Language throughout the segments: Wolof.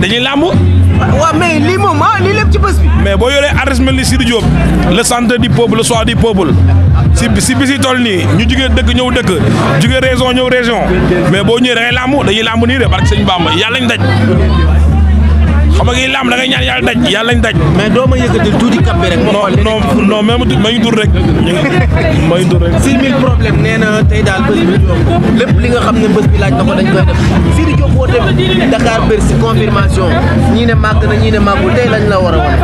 mais dañuy làmb. waaw mais lii moom ah lii lépp ci mais boo yoree artiste mel ni Sidy Diop le centre du peuple le soir du peuple si si bisi toll nii ñu jugee dëkk ñëw dëkk jugee région ñëw région mais boo ñëwee da ngay làmb dañuy làmb nii de barke sëñ Bamba yàlla ñu daj. xam nga laam da ngay ñaan yàlla daj yàlla lañ daj. mais doo ma yëkkatil tuuti cap bi rek. non non non même ma ñu tur rek. ma rek. 6 000 problème nee tey daal bés bi lépp li nga xam ne bés bi laaj na ko dañ koy def Sidy Diop woote Dakar Bercy confirmation ñii ne màgg na ñii ne màggul tey lañ la war a wane.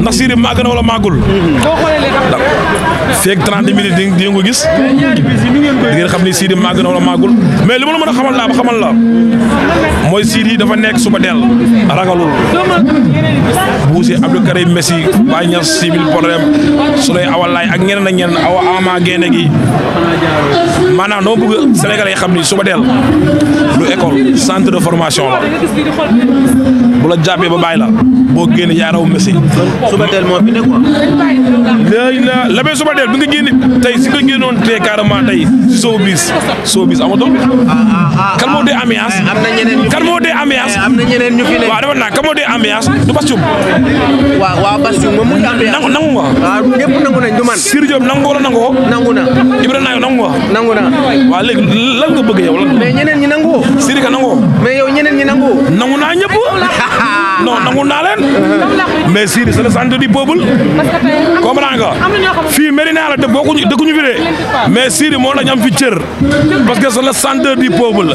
ndax Syrie màgg na wala màggul. boo xoolee léegi di ngeen gis. di ngeen xam ni Syrie màgg na mais li ma la mën a xamal laa ba xamal la mooy Syrie dafa nekk suba dell ragalul. Buuse Abdou Karim Messi Baye Niass Sibyl problème Souley Awalaay ak ñeneen ak ñeneen awa ama génne gi maanaam dama bëgg Sénégalais yi xam ni suba dell lu école centre de formation la. bu la ba bàyyi la boo génn yaa raw Messi. suba teel moo fi ne quoi. léegi la la bay suba nga génn tey si nga génnoon tey carrément tey si soo bis soo bis amatul. Ah, ah, ah, kan moo eh, am na ñeneen ñu fi eh, am na ñeneen ñu fi ne. waaw naa kan moo dee ambiance du Bass Thioung. waaw waaw Bass Thioung moom mu ngi ambiance. nangu nangu nga. waaw ñëpp na. Ibrahima na. waaw léegi nga bëgg yow lan. ñeneen ñi nangu. Sidy ka nangu. mais yow ñeneen ñi naa ñëpp non ah. nangu naa leen. mais si c'est le centre du peuple. comprends nga fii Médina la dëkk bokkuñu dëkkuñu fi mais Sidi moo la ñu fi cër parce que c'est le centre du peuple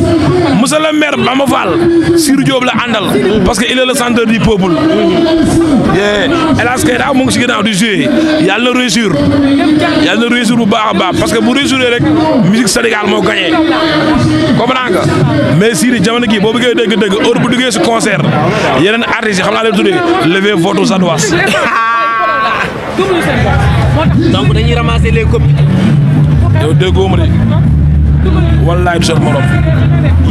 monsieur la maire Bamba Fall Sidi Diop la àndal parce que il est le centre du peuple El Hadj Keita mu si ginnaaw di jouer yàlla réussir yàlla réussir bu baax baax parce que bu réussir rek musique Sénégal moo gagné comprends nga mais Sidi jamono gi boo bëggee dégg-dégg heure bu duggee si concert yeneen artistes yi xam naa leen tuddee levez votre sadoise. donc dañuy ramasser les copies. yow déggoo ma de wallaay du seen morom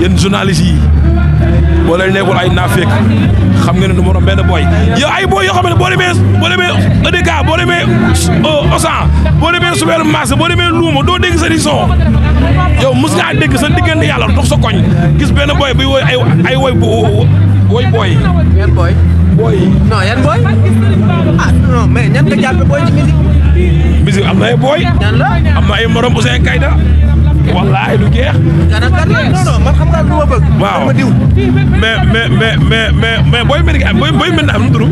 yéen journalistes yi boo leen nekkul ay naafeek xam ngeen ne du morom benn booy yow ay booy yoo xam ne boo demee boo demee EDK boo demee euh, Osan boo demee Super Marché boo demee Luuma doo dégg sa son yow mos ngaa dégg sa diggante yàlla dox sa koñ gis benn booy buy woy ay ay woy booy booy. yan booy. booy yi non yan booy. ah non mais ñan nga jàppe booy ci musique. musique am na ay booy. ñan la am na wallaay du jeex. non non man xam nga lu ma bëgg. waaw mais mais mais mais mais mais booy mën nga am booy booy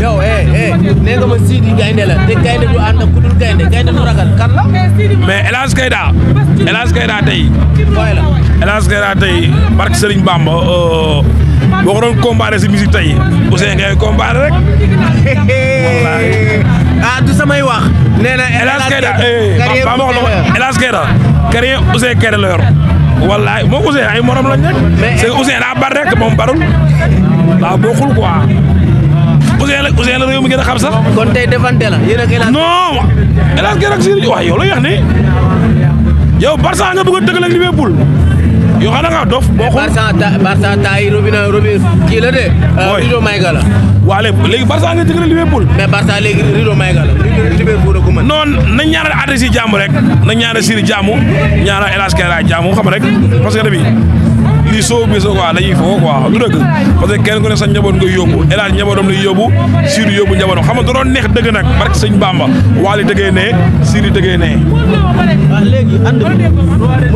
yow eh, eh nga ma Sidi gaynde la te gaynde du ànd ak gaynde gaynde du ragal kan la. mais El Hadj Kayda El Hadj Kayda tey. booy la El Hadj Kayda tey barke Serigne Bamba. Euh, boo ko doon comparé tey Ousseyn ngay comparé rek. nee na El Hadj Keita la El Hadj Keita carrière Ouzin Keita la yor wallaay moom ay morom lañ nekk c'est que Ouzin daa bar rek moom barul daa bokkul quoi Ouzin la Ouzin la réew mi gën a xam sax. kon tey defante la yéen ak yow la wax ni nga bëgg a dëggal ak yoo xam ne nga dof bokkul. Barça Barça taay Robin kii la de. Euh, mooy Maiga la. waa léegi Barça nga jëkkëral Liverpool. mais Barça léegi Rido Maïga la Liverpool ko mën. non nañ ñaanal adresse yi jàmm rek nañ ñaanal Siri jàmm ñaanal El Hadj Kayra jàmm xam rek parce que tamit. fii soo biso quoi dañuy foo quoi du dëgg parce que kenn ku ne sa njaboot da doon neex dëgg nag barke sëñ nee Sidy dëggee nee. waaw léegi ànd bi mën a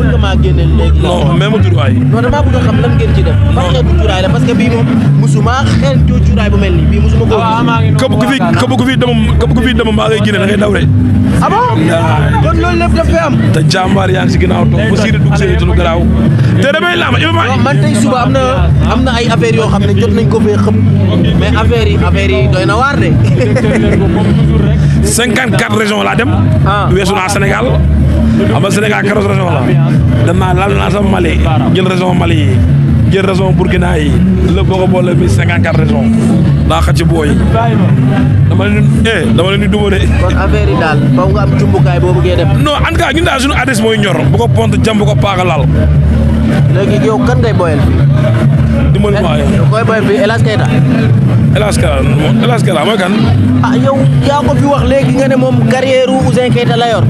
xam lan ngeen ci def. ban xeetu cuuraay la parce que bii moom musuma xeetu cuuraay bu mel nii bii musuma ko. waaw ah, maa ngi képp da ngay daw rek. Ah te jàmbaar yaa ngi si ginnaaw toog ba Sidy dugg seen i tulu garaaw te damay laama waaw man tey suba am na am na ay affaires yoo xam ne jot nañ ko fee xëm mais affaires yi affaires yi doy na waar de. 54 régions laa dem. ah weesu naa Sénégal. xam nga Sénégal 14 la. dem naa laal naa sama Mali jël région Mali yi jël région Burkina yi. lépp boo ko boole bi 54 booy yi. dama leen eh dama di duma de. kon affaire yi daal faw nga am cumbukaay boo bëggee def. non en tout cas ñun daal suñu adresse mooy ñor bu pont jam bu ko laal. léegi yow kan ngay boyal fii. dimbali waaye koy boyal fii El Hadj Keita. El Hadj Keita El Hadj Keita kan. ah yow yaa ko fi wax léegi nga ne moom carrière ru Ouzin Keita la yor.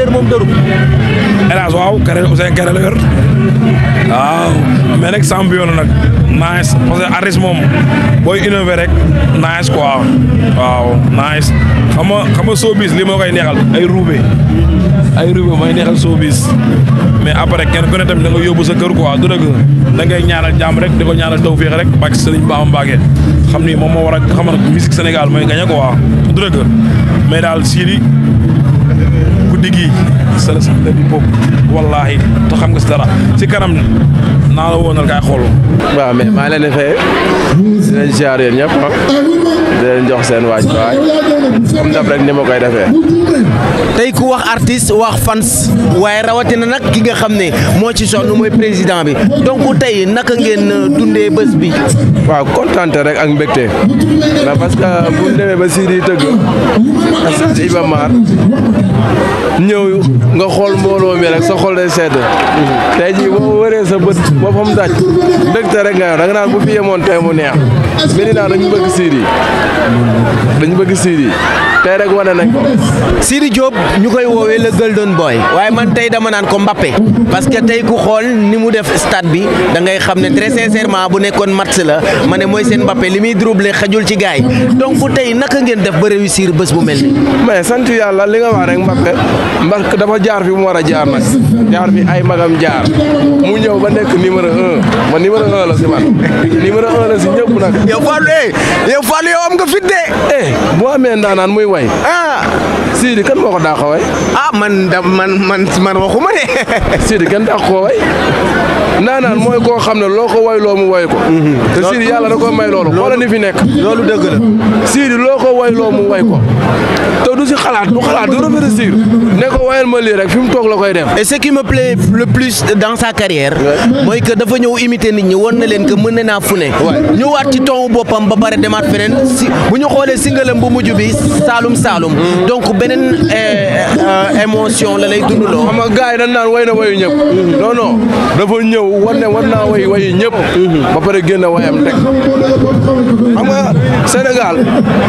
dër moom dëru. El Hadj waaw carrière Ouzin Keita la waaw mais nag champion nag nice parce que moom booy innové rek nice quoi waaw nice xam nga xam nga showbiz lii neexal ay ruube. ay rubé may neexal showbiz mais après kenn ku ne tamit da nga yóbbu sa kër quoi du dëgg da ngay ñaanal jàmm rek di ko ñaanal tawféex rek bàcc sëriñ Bamba Mbacké xam ni moom moo war a xamal musique Sénégal mooy gagné quoi du dëgg mais daal Sidy guddi gi sa la sax bi boobu xam nga si dara si kanam naa la a kaay xool. waaw mais maa leen di fay dinañ ziar yéen ñëpp di leen jox seen waaj waaj comme daf rek ni ma koy defee. tey ku wax artiste wax fans waaye rawatina nag ki nga xam ne moo ci sonn mooy président bi donk tey naka ngeen euh, dundee bés bi. waaw kontante rek ak mbégte ndax parce bu ñu ba Sidi tëgg ak Iba Mar. ñëw nga xool mbooloo mi rek sa xol day sedd tey jii boo wëree sa bët boppam daj ndëgte rek nga yor da nga naan bu fi yemoon tey mu neex Medina dañu bëgg siir yi dañu ba siir tey rek wane nañ ko. Sidi Diop ñu koy woowee le golden boy waaye man tey dama naan ko Mbappé parce que tey ku xool ni mu def stade bi da ngay xam ne très sincèrement bu nekkoon match la ma ne mooy seen Mbappé li muy dribble xajul ci gaay donc tey naka ngeen def ba réussir bés bu mel nii. mais sant yàlla li nga wax rek Mbappé Mbappé dafa jaar fi mu war a jaar nag jaar fi ay magam jaar mu ñëw ba nekk numéro un ma numéro un la si man numéro un la si ñëpp way ah Sidi kan moo ko dàq way ah man da man man man waxuma ne Sidi kan dàq naanaan mooy koo xam ne loo ko way loo mu way ko te Sidi yàlla da ko may loolu xoola ni fi nekk loolu dëgg la loo ko way loo mu way ko te du si xalaat bu xalaat du réfléchir ne ko wayal ma lii rek fi mu toog la koy def et ce qui me plaît le plus dans sa mooy que dafa ñëw imiter nit ñi won na leen que mën na naa fu ne ñëwaat ci ton boppam ba pare demaat feneen si bu ñu xoolee singalam bu mujj bi Saalum Saalum mm. donc beneen eh, eh, euh, émotion la lay dundaloo xam yi dañ naan na wayu ñëw wan ne wan naa way wayi ñëpp génn wayam teg xam nga Sénégal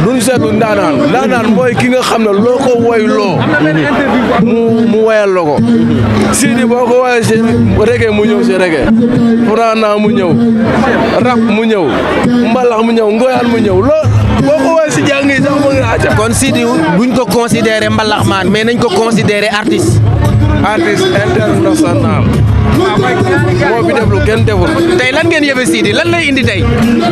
duñ seetlu ndaanaan ndaanaan mooy ki nga xam ne loo ko loo mu mu wayal la ko Sidi ko woyee si reggae mu ñëw si reggae Furana mu ñëw rap mu ñëw mbalax mu ñëw ngoyaan mu ñëw lool boo ko woyee si jàng yi sax ngi àcc kon Sidi buñ ko considéré mbalax maan mais nañ ko considéré artiste artiste moo fi def lu kenn deful tey lan ngeen yëbe Sidy lan lay indi tey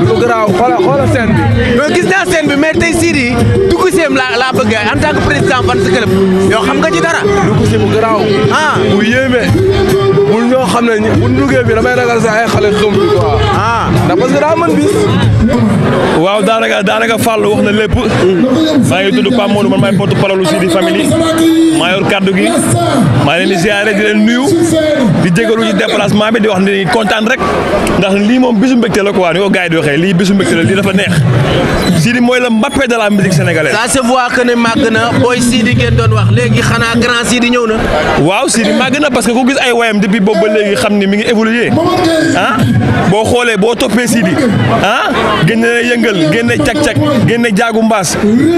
lu garaaw xoola xoola scène bi non gis naa scène bi mais tey Sidy dugg seem la laa bëgg en tant que président fan si xam nga ci dara dugg si bu garaaw ah bu yéeme bu ñoo xam ne bu duggee bi damay ragal sa ay xale xëm bi quoi ah. ndax parce que daa mën bis. waaw daanaka daanaka Fallou wax na lépp. maa ngi tudd Pape Modou man maay porte parole aussi di famille maa yor kaddu gi maa leen di ziare di leen nuyu di jégalu ci bi di wax ni kontaan rek ndax lii moom bisu mbégte la quoi ni ko gars di waxee lii bisu mbégte la lii dafa neex Sidi mooy la Mbappé de la musique sénégalaise. ça se voit que ne màgg na booy Sidi ngeen doon wax léegi xanaa grand Sidi ñëw na. waaw Sidi màgg na parce que ku gis ay wayam depuis boobu ba léegi xam ni mi toppee Sidi ah génne yëngal génne cag-cag génne jaagu mbaas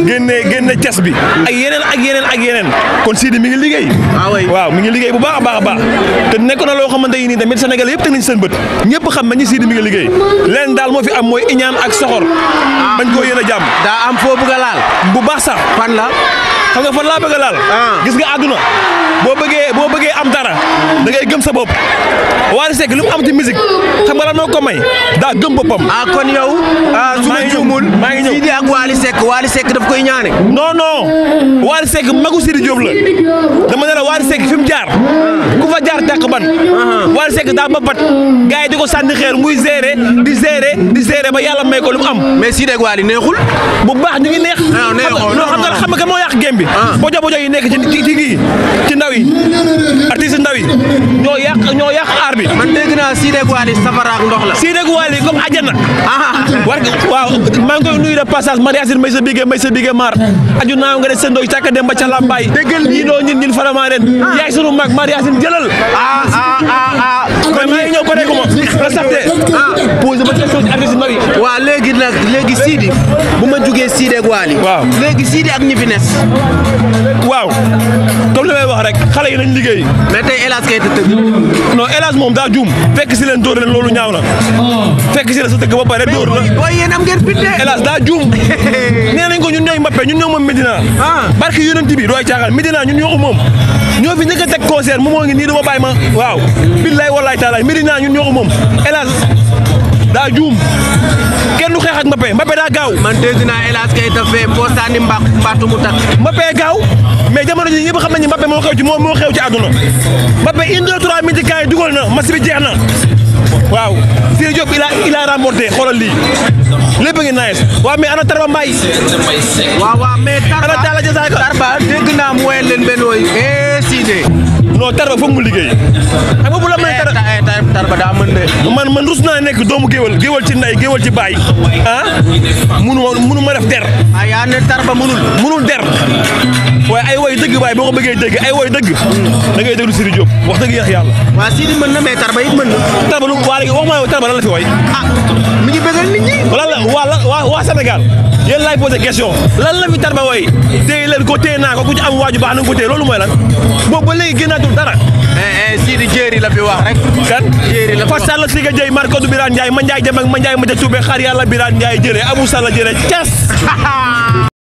génne génne cas bi ak yeneen ak yeneen ak yeneen kon Sidi mi ngi liggéey ah waaw mu ngi liggéey bu baax a baax baax te nekk na loo xamante yi nii tamit Sénégal yëpp teg nañ seen bët ñëpp xam nañu Sidi mi ngi liggéey leen daal moo fi am mooy iñaan ak soxor ah. bañ koo yéen a jàmm daa am foo bëgg a laal bu baax sax fan la xam nga fan laa bëgg a laal ah. gis nga àdduna boo bëggee boo bëggee am dara da ngay gëm sa bopp Wally Seck lu am ci musique xam nga lan moo ko may daa gëm boppam. ah kon yow. ah su ma juumul maa ngi ñëw Sidi ak Wally Seck Wally Seck daf koy ñaane. non non Wally Seck magu Sidi Diop la dama ne la Wally Seck fi mu jaar ku fa jaar tàq ban. Uh-huh. Wally Seck daa mbapat gars yi di ko sanni xeer muy gérer di gérer di gérer ba yàlla may ko lu mu am. mais Sidi ak Wally neexul. bu baax neex. Ah, non xam nga xam nga moo yàq game ndaw yi artiste ndaw yi ñoo yàq ñoo yàq aar bi. man dégg naa Sineek Waly safara ak ndox la. Sineek Waly comme àjjana. Ah. war waaw maa ngi koy a de passage may sa bigé may sa bigé maar aju naaw nga ne seen doy càkk dem ba ca Lambaay. déggal lii doo ñun ñun farama ren. Ah. yaay sunu mag Marie la safte ma question ci artiste ndaw yi. waaw léegi nag léegi Sidi bu ma jugee Sineek Waly. waaw léegi Sidi ak ñi waaw comme li may rek xale yi nañ liggéey. mais tey moom daa juum fekk si leen dóor leen loolu ñaaw na. fekk si la sa tëgg ba pare dóor la. daa juum nee nañ ko ñun ñooy Mbappé ñun ñoo moom Medina. Ah. barke yonent bi dooy caaxaan Medina ñun ñoo ko moom. ñoo fi njëkk a teg concert mu moo ngi nii dama bàyyi ma waaw. billaay wallaay taalaay Medina ñun ñoo ko moom El Hadj daa juum. kenn du xeex ak Mbappé Mbappé daa gaaw. man dégg naa El Hadj Keita fee boo sànni mbaa mbaatu mu gaaw mais jamono ji ñëpp xam nañu Mbappé moo xew ci moo moo xew ci àdduna Mbappé une deux trois minutes gars yi dugal na match jeex na waaw Sidi Diop il a il a remporté xoolal lii lépp ngi nice waaw mais ana Tarba Mbaye. waaw waaw mais Tarba ana Talla naa mu leen benn woy. eh Sidé. non tarba foog mu liggéey. xam nga bu la may tarba eh, eh, tarba daa mën ma man man rus naa nekk doomu géwal géwal ci ndey géwal ci baay ah munu ma munu ma def der. ah yaa ne tarba munul. munul der waaye ay woy dëgg waaye boo ko bëggee dëgg ay woy dëgg. da ngay déglu Sidi Diop wax dëgg na mais tarba it mën na. tarba lu waa léegi wax ma tarba lan la fi woy. Ah, leen nit ñi. lan la waa waa Sénégal yéen laay question lan la fi Tarba Way téye leen ko téye naa ko ku ci am waaju baax na nga ko téye loolu mooy lan boobu ba léegi génnaatul dara. Eh, eh, Sidi Jéeri la fi wax rek. kan Jéeri la fi wax Fassala Siga Ndiaye Marcodou Birane Ndiaye ma Ndiaye Jemeg ma Ndiaye ma ja Toubé xaar yàlla Birane Ndiaye jëlee Abou Sall